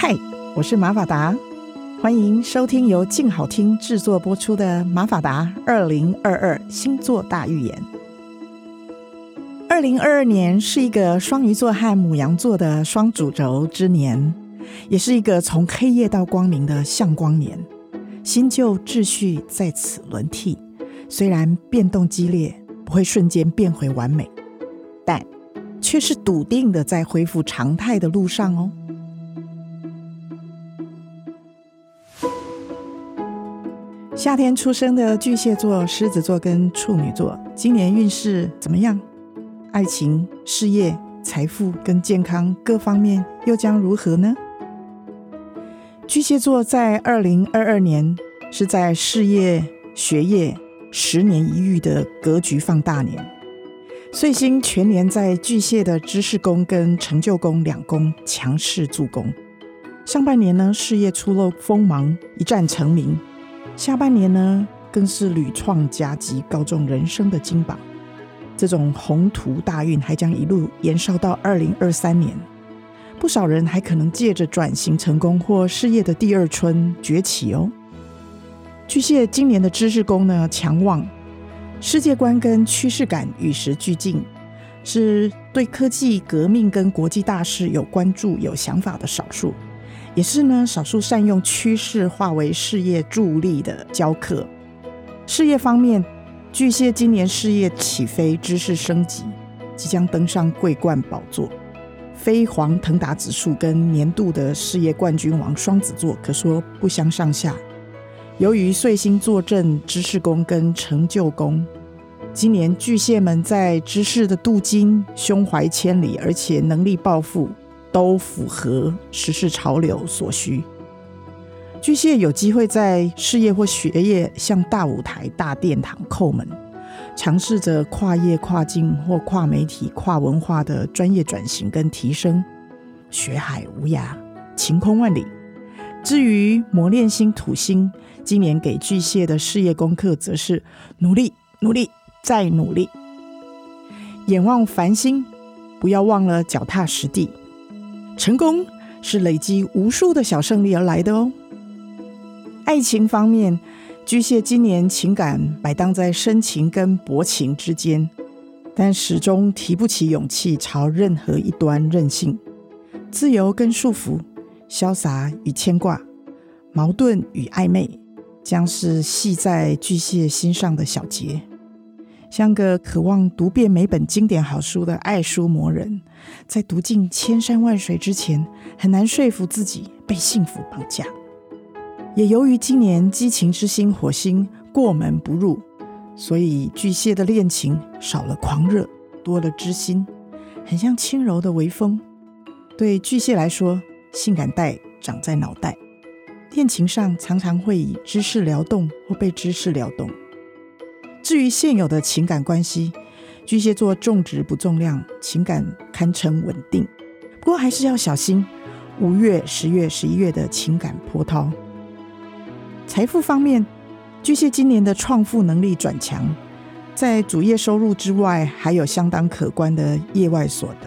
嗨，我是瑪法達，歡迎收聽由靜好聽制作播出的《瑪法達二零二二星座大預言》。二零二二年是一個雙魚座和牡羊座的雙主軸之年，也是一個從黑夜到光明的向光年，新舊秩序在此輪替。雖然變動激烈，不會瞬間變回完美，但卻是篤定的在恢復常態的路上哦。夏天出生的巨蟹座、獅子座跟處女座，今年運勢怎麼樣？愛情、事業、財富跟健康各方面又將如何呢？巨蟹座在二零二二年是在事業、學業十年一遇的格局放大年，歲星全年在巨蟹的知識宮跟成就宮兩宮強勢助攻。上半年呢，事業初露鋒芒，一戰成名。下半年呢，更是屢創佳績，高中人生的金榜。這種宏圖大運還將一路延燒到二零二三年，不少人還可能借着轉型成功或事業的第二春崛起哦。巨蟹今年的知識宮呢強旺，世界觀跟趨勢感與時俱進，是對科技革命跟國際大事有關注、有想法的少數。也是呢，少數善用趨勢化為事業助力的嬌客。事業方面，巨蟹今年事業起飛，知識升級，即將登上桂冠寶座，飛黃騰達指數跟年度的事業冠軍王雙子座可說不相上下。由於歲星坐鎮知識宮跟成就宮，今年巨蟹們在知識的鍍金，胸懷千里，而且能力抱負，都符合時事潮流所需。巨蟹有機會在事業或學業向大舞台、大殿堂叩門，嘗試着跨業、跨境或跨媒體、跨文化的專業轉型跟提升，學海無涯，晴空萬里。至於磨煉星土星，今年給巨蟹的事業功課，則是努力、努力再努力，眼望繁星，不要忘了腳踏實地。成功是累積無數的小勝利而來的哦。愛情方面，巨蟹今年情感擺盪在深情跟薄情之間，但始終提不起勇氣朝任何一端任性。自由跟束縛，瀟灑與牽掛，矛盾與曖昧，將是繫在巨蟹心上的小結。像個渴望讀遍每本經典好書的愛書魔人，在讀盡千山萬水之前，很難說服自己被幸福綁架。也由於今年激情之星火星過門不入，所以巨蟹的戀情少了狂熱，多了知心，很像輕柔的微風。對巨蟹來說，性感帶長在腦袋，戀情上常常會以知識撩動或被知識撩動。至於現有的情感關係，巨蟹座重質不重量，情感堪稱穩定。不過還是要小心五月、十月、十一月的情感波濤。財富方面，巨蟹今年的創富能力轉強，在主業收入之外，還有相當可觀的業外所得。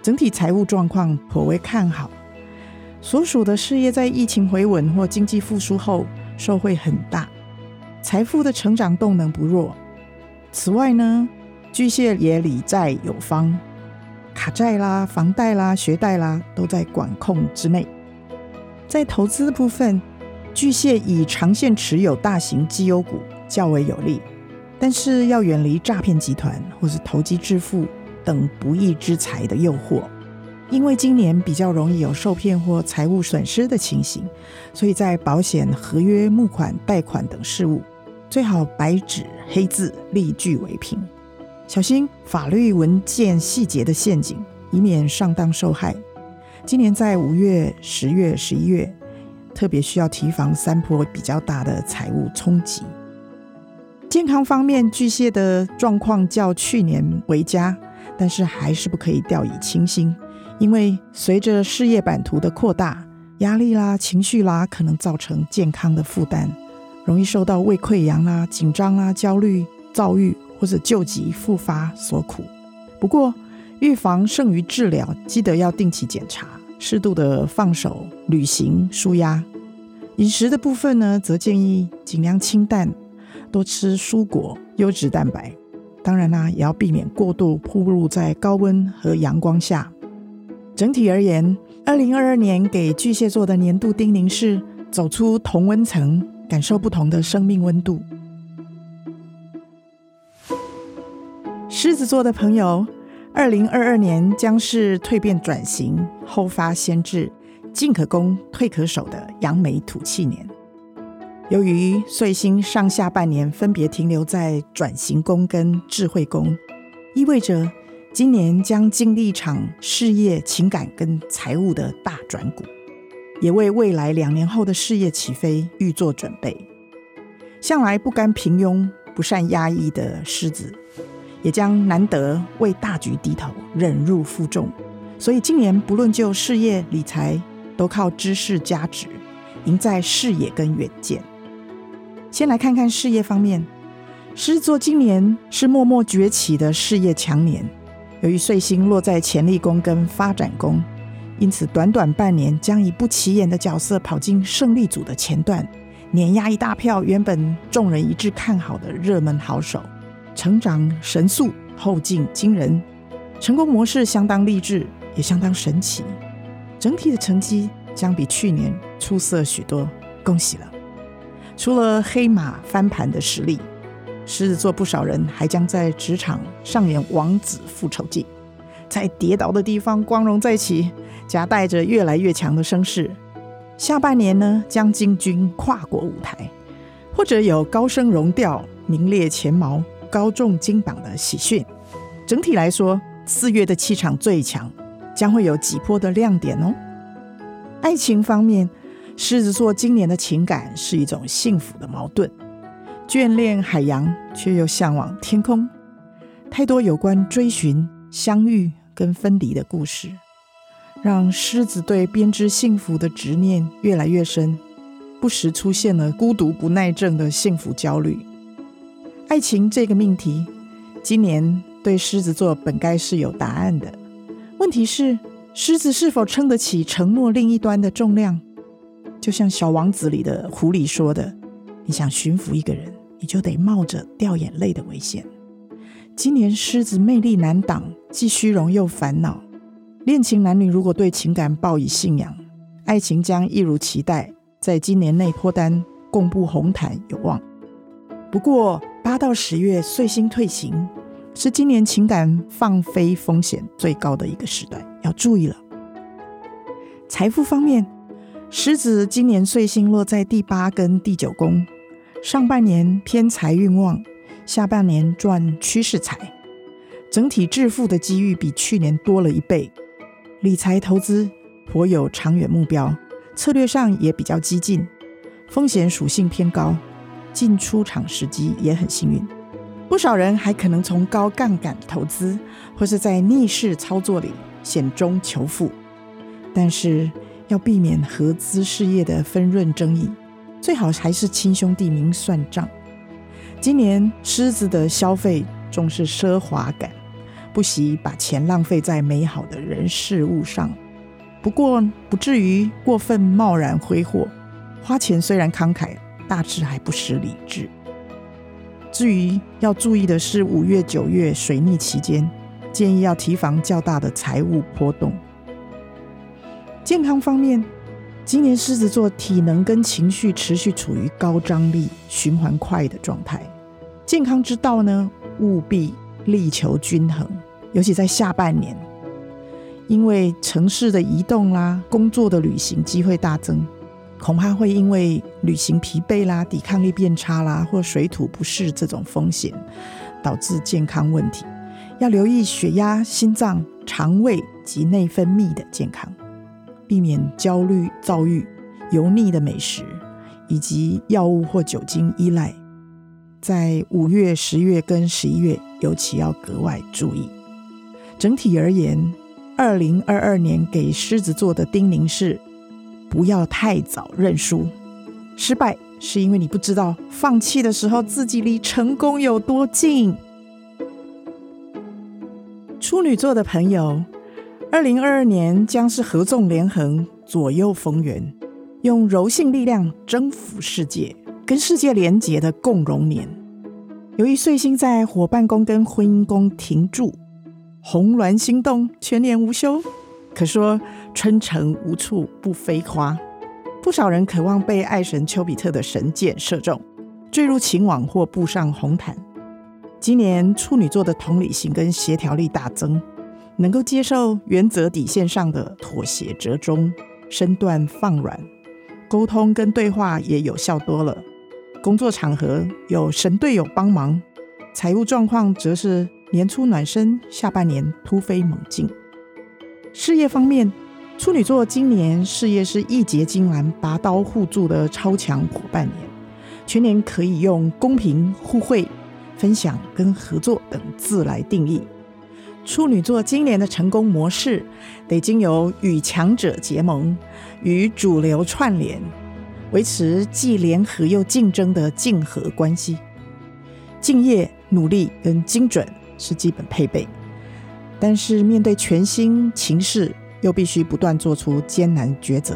整體財務狀況頗為看好，所屬的事業在疫情回穩或經濟復甦後，受惠很大。財富的成長動能不弱。此外呢，巨蟹也理財有方，卡債啦、房貸啦、學貸啦，都在管控之內。在投資的部分，巨蟹以長線持有大型績優股較為有利，但是要遠離詐騙集團或是投機致富等不義之財的誘惑，因為今年比較容易有受騙或財務損失的情形，所以在保險、合約、募款、貸款等事務。最好白紙黑字、立據為憑，小心法律文件細節的陷阱，以免上當受害。今年在五月、十月、十一月，特別需要提防三波比較大的財務衝擊。健康方面，巨蟹的狀況較去年為佳，但是還是不可以掉以輕心，因為隨着事業版圖的擴大，壓力啦、情緒啦，可能造成健康的負擔。容易受到胃潰瘍啦、緊張啦、焦慮、躁鬱或者舊疾復發所苦。不過，預防勝於治療，記得要定期檢查，適度的放手、旅行、舒壓。飲食的部分呢，則建議儘量清淡，多吃蔬果、優質蛋白。當然啦、啊，也要避免過度曝露在高溫和陽光下。整體而言，二零二二年給巨蟹座的年度叮嚀是：走出同溫層。感受不同的生命溫度。獅子座的朋友，二零二二年將是蛻變轉型、後發先至、進可攻、退可守的揚眉吐氣年。由於歲星上下半年分別停留在轉型宮跟智慧宮，意味着今年將經歷一場事業、情感跟財務的大轉骨。也為未來兩年後的事業起飛預做準備。向來不甘平庸、不善壓抑的獅子，也將難得為大局低頭、忍辱負重。所以今年不論就事業、理財，都靠知識加值，贏在視野跟遠見。先來看看事業方面，獅子座今年是默默崛起的事業強年。由於歲星落在潛力宮跟發展宮，因此，短短半年將以不起眼的角色跑進勝利組的前段，碾壓一大票原本眾人一致看好的熱門好手，成長神速，後勁驚人，成功模式相當勵志，也相當神奇。整體的成績將比去年出色許多，恭喜了！除了黑馬翻盤的實力，獅子座不少人還將在職場上演王子復仇記，在跌倒的地方光榮再起。夾帶着越來越強的聲勢，下半年呢，將進軍跨國舞台，或者有高升榮調、名列前茅、高中金榜的喜訊。整體來說，四月的氣場最強，將會有幾波的亮點哦。愛情方面，獅子座今年的情感是一種幸福的矛盾，眷戀海洋卻又向往天空，太多有關追尋、相遇跟分離的故事。讓獅子對編織幸福的執念越來越深，不時出現了孤獨不耐症的幸福焦慮。愛情這個命題，今年對獅子座本該是有答案的。問題是，獅子是否撐得起承諾另一端的重量？就像《小王子》裡的狐狸說的：“你想馴服一個人，你就得冒着掉眼淚的危險。”今年獅子魅力難擋，既虛榮又煩惱。戀情男女如果對情感抱以信仰，愛情將一如期待，在今年內脫單共赴紅毯有望。不過，八到十月歲星退行，是今年情感放飛風險最高的一個時段，要注意了。財富方面，獅子今年歲星落在第八跟第九宮，上半年偏財運旺，下半年賺趨勢財，整體致富的機遇比去年多了一倍。理財投資頗有長遠目標，策略上也比較激進，風險屬性偏高，進出場時機也很幸運。不少人還可能從高槓桿投資，或是在逆勢操作裡險中求富。但是要避免合資事業的分潤爭議，最好還是親兄弟明算賬。今年獅子的消費重視奢華感。不惜把錢浪費在美好的人事物上，不過不至於過分貿然揮霍。花錢雖然慷慨，大致還不失理智。至於要注意的是，五月、九月水逆期間，建議要提防較大的財務波動。健康方面，今年獅子座體能跟情緒持續處於高張力、循環快的狀態，健康之道呢，務必力求均衡。尤其在下半年，因為城市的移動啦、工作的旅行機會大增，恐怕會因為旅行疲憊啦、抵抗力變差啦，或水土不適這種風險，導致健康問題。要留意血壓、心臟、腸胃及內分泌的健康，避免焦慮、躁鬱、油膩的美食以及藥物或酒精依賴。在五月、十月跟十一月，尤其要格外注意。整體而言，二零二二年給獅子座的叮嚀是：不要太早認輸，失敗是因為你不知道放棄的時候自己離成功有多近。處女座的朋友，二零二二年將是合縱連橫、左右逢源，用柔性力量征服世界、跟世界連接的共榮年。由於歲星在夥伴宮跟婚姻宮停住。紅鸞心動，全年無休，可說春城無處不飛花。不少人渴望被愛神丘比特的神箭射中，墜入情網或步上紅毯。今年處女座的同理心跟協調力大增，能夠接受原則底線上的妥協折中，身段放軟，溝通跟對話也有效多了。工作場合有神隊友幫忙，財務狀況則是。年初暖身，下半年突飛猛進。事業方面，處女座今年事業是義結金蘭、拔刀互助的超強夥伴年。全年可以用公平、互惠、分享跟合作等字來定義。處女座今年的成功模式得經由與強者結盟、與主流串聯，維持既聯合又競爭的競合關係。敬業、努力跟精準。是基本配備，但是面對全新情勢，又必須不斷做出艱難抉擇。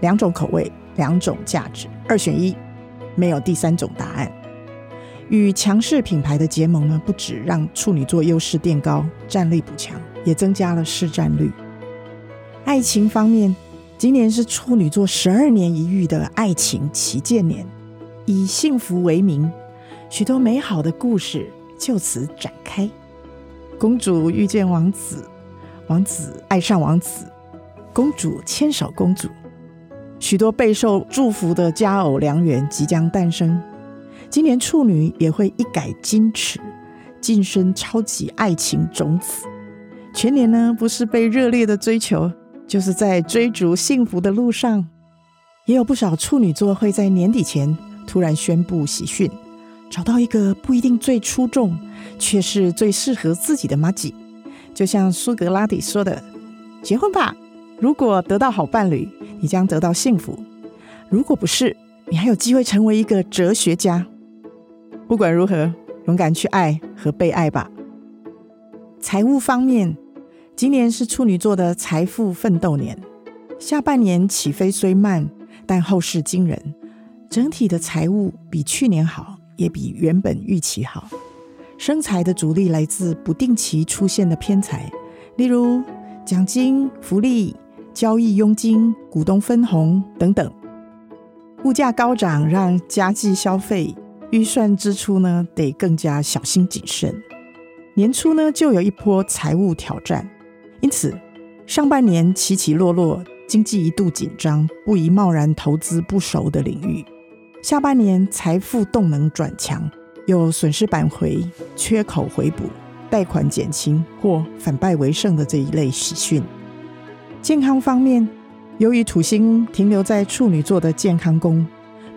兩種口味，兩種價值，二選一，沒有第三種答案。與強勢品牌的結盟呢，不止讓處女座優勢墊高、戰力補強，也增加了市占率。愛情方面，今年是處女座十二年一遇的愛情旗艦年，以幸福為名，許多美好的故事。就此展開，公主遇見王子，王子愛上王子，公主牽手公主，許多備受祝福的佳偶良緣即將誕生。今年處女也會一改矜持，晉升超級愛情種子。全年呢，不是被熱烈的追求，就是在追逐幸福的路上。也有不少處女座會在年底前突然宣布喜訊。找到一個不一定最出眾，卻是最適合自己的麻吉。就像蘇格拉底說的：“結婚吧，如果得到好伴侶，你將得到幸福；如果不是，你還有機會成為一個哲學家。”不管如何，勇敢去愛和被愛吧。財務方面，今年是處女座的財富奮鬥年，下半年起飛雖慢，但後勢驚人，整體的財務比去年好。也比原本預期好。生財的主力來自不定期出現的偏財，例如獎金、福利、交易佣金、股東分紅等等。物價高漲讓家計消費，預算支出呢得更加小心謹慎。年初呢就有一波財務挑戰，因此上半年起起落落，經濟一度緊張，不宜貿然投資不熟的領域。下半年財富動能轉強，有損失扳回、缺口回補、貸款減輕或反敗為勝的這一類喜訊。健康方面，由於土星停留在處女座的健康宮，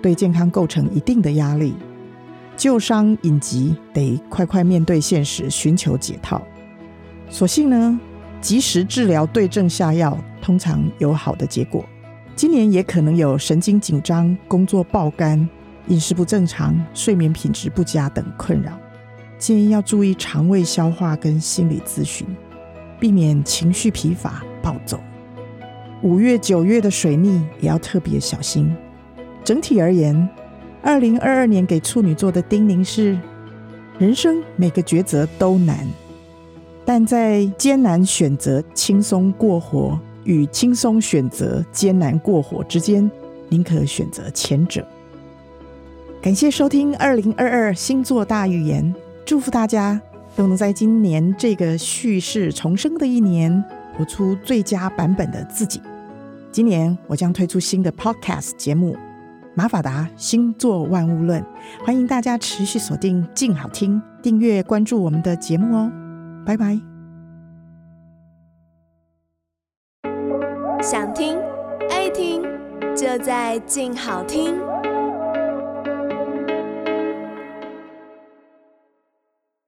對健康構成一定的壓力。舊傷隱疾得快快面對現實，尋求解套。所幸呢，及時治療、對症下藥，通常有好的結果。今年也可能有神經緊張、工作爆肝、飲食不正常、睡眠品質不佳等困擾，建議要注意腸胃消化跟心理諮詢，避免情緒疲乏暴走。五月九月的水逆也要特別小心。整體而言，二零二二年給處女座的叮嚀是：人生每個抉擇都難，但在艱難選擇，輕鬆過活。與輕鬆選擇艱難過活之間，寧可選擇前者。感謝收聽二零二二星座大預言，祝福大家都能在今年這個蓄勢重生的一年活出最佳版本的自己。今年我將推出新的 Podcast 節目《瑪法達星座萬物論》，歡迎大家持續鎖定鏡好聽，訂閱關注我們的節目哦。拜拜。想聽愛聽，就在勁好聽。